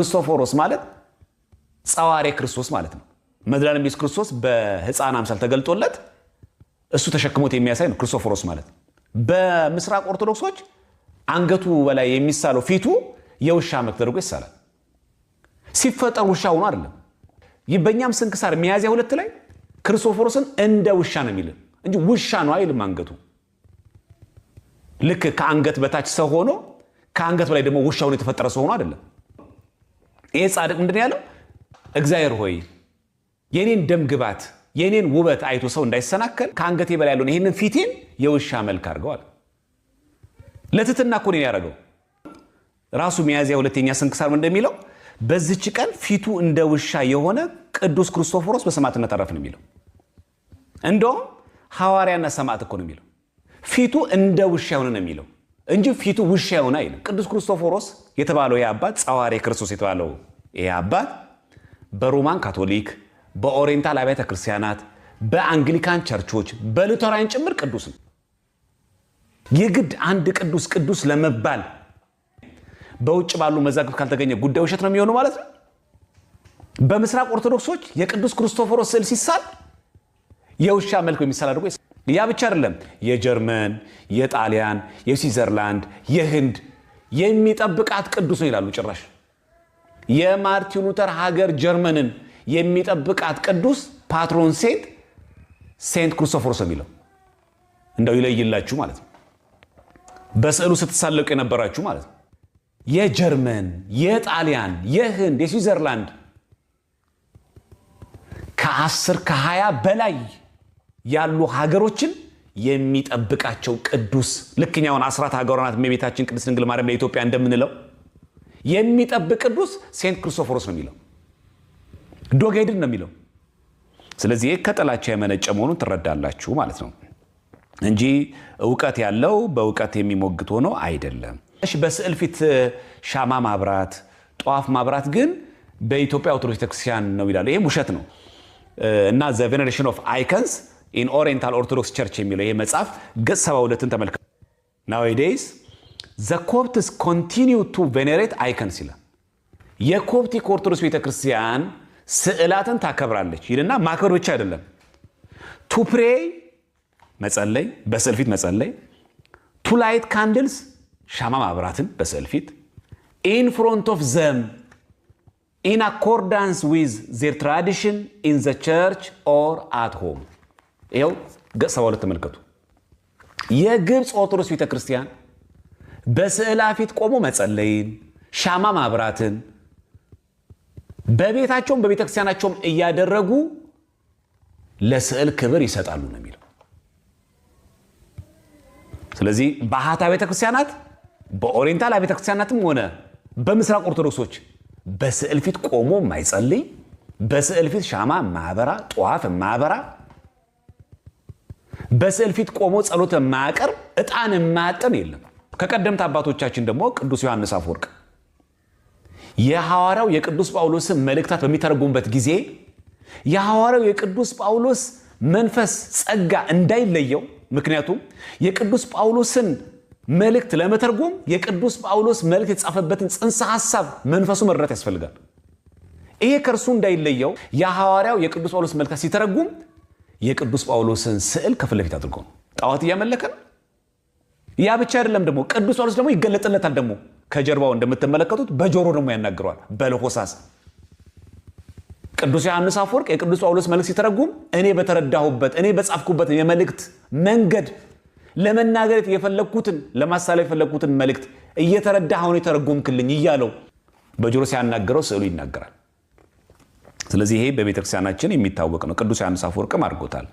ክርስቶፎሮስ ማለት ጸዋሬ ክርስቶስ ማለት ነው። መድኃኒዓለም ኢየሱስ ክርስቶስ በህፃን አምሳል ተገልጦለት እሱ ተሸክሞት የሚያሳይ ነው ክርስቶፎሮስ ማለት። በምስራቅ ኦርቶዶክሶች አንገቱ በላይ የሚሳለው ፊቱ የውሻ መልክ ተደርጎ ይሳላል። ሲፈጠር ውሻ ሆኖ አይደለም። በእኛም ስንክሳር ሚያዝያ ሁለት ላይ ክርስቶፎሮስን እንደ ውሻ ነው የሚልን እንጂ ውሻ ነው አይልም። አንገቱ ልክ ከአንገት በታች ሰው ሆኖ ከአንገት በላይ ደግሞ ውሻ ሆኖ የተፈጠረ ሰው ሆኖ አይደለም። ይሄ ጻድቅ ምንድን ያለው እግዚአብሔር ሆይ የኔን ደም ግባት የኔን ውበት አይቶ ሰው እንዳይሰናከል ከአንገቴ በላይ ያለውን ይህንን ፊቴን የውሻ መልክ አድርገዋል። ለትትና እኮ ነው ያደረገው። ራሱ ሚያዝያ ሁለተኛ ስንክሳር እንደሚለው በዚች ቀን ፊቱ እንደ ውሻ የሆነ ቅዱስ ክርስቶፎሮስ በሰማዕትነት አረፈ የሚለው። እንደውም ሐዋርያና ሰማዕት እኮ ነው የሚለው። ፊቱ እንደ ውሻ የሆነ ነው የሚለው እንጂ ፊቱ ውሻ የሆነ አይልም። ቅዱስ ክርስቶፎሮስ የተባለው የአባት ጸዋሪ ክርስቶስ የተባለው ይህ አባት በሮማን ካቶሊክ፣ በኦሪየንታል አብያተ ክርስቲያናት፣ በአንግሊካን ቸርቾች፣ በሉተራን ጭምር ቅዱስ ነው። የግድ አንድ ቅዱስ ቅዱስ ለመባል በውጭ ባሉ መዛግብት ካልተገኘ ጉዳይ ውሸት ነው የሚሆኑ ማለት ነው። በምስራቅ ኦርቶዶክሶች የቅዱስ ክርስቶፎሮስ ስዕል ሲሳል የውሻ መልክ የሚሳል አድርጎ ያ ብቻ አይደለም። የጀርመን፣ የጣሊያን፣ የስዊዘርላንድ፣ የህንድ የሚጠብቃት ቅዱስ ነው ይላሉ። ጭራሽ የማርቲን ሉተር ሀገር ጀርመንን የሚጠብቃት ቅዱስ ፓትሮን ሴንት ሴንት ክርስቶፎርስ የሚለው እንደው ይለይላችሁ ማለት ነው። በስዕሉ ስትሳለቁ የነበራችሁ ማለት ነው። የጀርመን፣ የጣሊያን፣ የህንድ፣ የስዊዘርላንድ ከአስር ከሀያ በላይ ያሉ ሀገሮችን የሚጠብቃቸው ቅዱስ ልክኛውን አስራት ሀገሯ ናት ቅድስት ድንግል ማርያም ለኢትዮጵያ እንደምንለው የሚጠብቅ ቅዱስ ሴንት ክርስቶፎሮስ ነው የሚለው ዶጌድን ነው የሚለው። ስለዚህ ይህ ከጥላቻ የመነጨ መሆኑን ትረዳላችሁ ማለት ነው እንጂ እውቀት ያለው በእውቀት የሚሞግት ሆኖ አይደለም። በስዕል ፊት ሻማ ማብራት፣ ጠዋፍ ማብራት ግን በኢትዮጵያ ኦርቶዶክስ ቤተክርስቲያን ነው ይላሉ። ይህም ውሸት ነው እና ዘ ቬኔሬሽን ኦፍ አይከንስ ኢን ኦሪንታል ኦርቶዶክስ ቸርች የሚለው ይህ መጽሐፍ ገጽ 72ን ተመልከቱ። ናዌዴይስ ዘ ኮፕትስ ኮንቲኒዩ ቱ ቬኔሬት አይከንስ ይላል። የኮፕቲክ ኦርቶዶክስ ቤተክርስቲያን ስዕላትን ታከብራለች ይልና ማክበር ብቻ አይደለም ቱ ፕሬ መጸለይ፣ በስዕል ፊት መጸለይ፣ ቱ ላይት ካንድልስ ሻማ ማብራትን በስዕል ፊት ኢን ፍሮንት ኦፍ ዘም ኢን አኮርዳንስ ዊዝ ዜር ትራዲሽን ኢን ዘ ቸርች ኦር አት ሆም ይኸው ገጽ 72 ተመልከቱ። የግብፅ ኦርቶዶክስ ቤተ ክርስቲያን በስዕላ ፊት ቆሞ መጸለይን፣ ሻማ ማብራትን በቤታቸውም በቤተ ክርስቲያናቸውም እያደረጉ ለስዕል ክብር ይሰጣሉ ነው የሚለው። ስለዚህ በአሃታ ቤተ ክርስቲያናት በኦሪየንታል ቤተ ክርስቲያናትም ሆነ በምስራቅ ኦርቶዶክሶች በስዕል ፊት ቆሞ ማይጸልይ፣ በስዕል ፊት ሻማ ማበራ ጠዋፍ ማበራ በስዕል ፊት ቆሞ ጸሎት የማያቀርብ እጣን ማጠን የለም። ከቀደምት አባቶቻችን ደግሞ ቅዱስ ዮሐንስ አፈወርቅ የሐዋርያው የቅዱስ ጳውሎስን መልእክታት በሚተረጉሙበት ጊዜ የሐዋርያው የቅዱስ ጳውሎስ መንፈስ ጸጋ እንዳይለየው፣ ምክንያቱም የቅዱስ ጳውሎስን መልእክት ለመተርጎም የቅዱስ ጳውሎስ መልእክት የተጻፈበትን ጽንሰ ሐሳብ መንፈሱ መረዳት ያስፈልጋል። ይሄ ከእርሱ እንዳይለየው የሐዋርያው የቅዱስ ጳውሎስ መልእክታት ሲተረጉም የቅዱስ ጳውሎስን ስዕል ከፊት ለፊት አድርጎ ነው ጣዖት ነው። ያ ብቻ አይደለም ደግሞ ቅዱስ ጳውሎስ ደግሞ ይገለጥለታል ደግሞ ከጀርባው እንደምትመለከቱት በጆሮ ደግሞ ያናግረዋል በለሆሳስ ቅዱስ ዮሐንስ አፈወርቅ የቅዱስ ጳውሎስ መልእክት ሲተረጉም እኔ በተረዳሁበት እኔ በጻፍኩበት የመልእክት መንገድ ለመናገር የፈለግኩትን ለማሳለፍ የፈለግኩትን መልእክት እየተረዳ አሁን የተረጎምክልኝ እያለው በጆሮ ሲያናገረው ስዕሉ ይናገራል። ስለዚህ ይሄ በቤተክርስቲያናችን የሚታወቅ ነው። ቅዱስ ዮሐንስ አፈወርቅም አድርጎታል።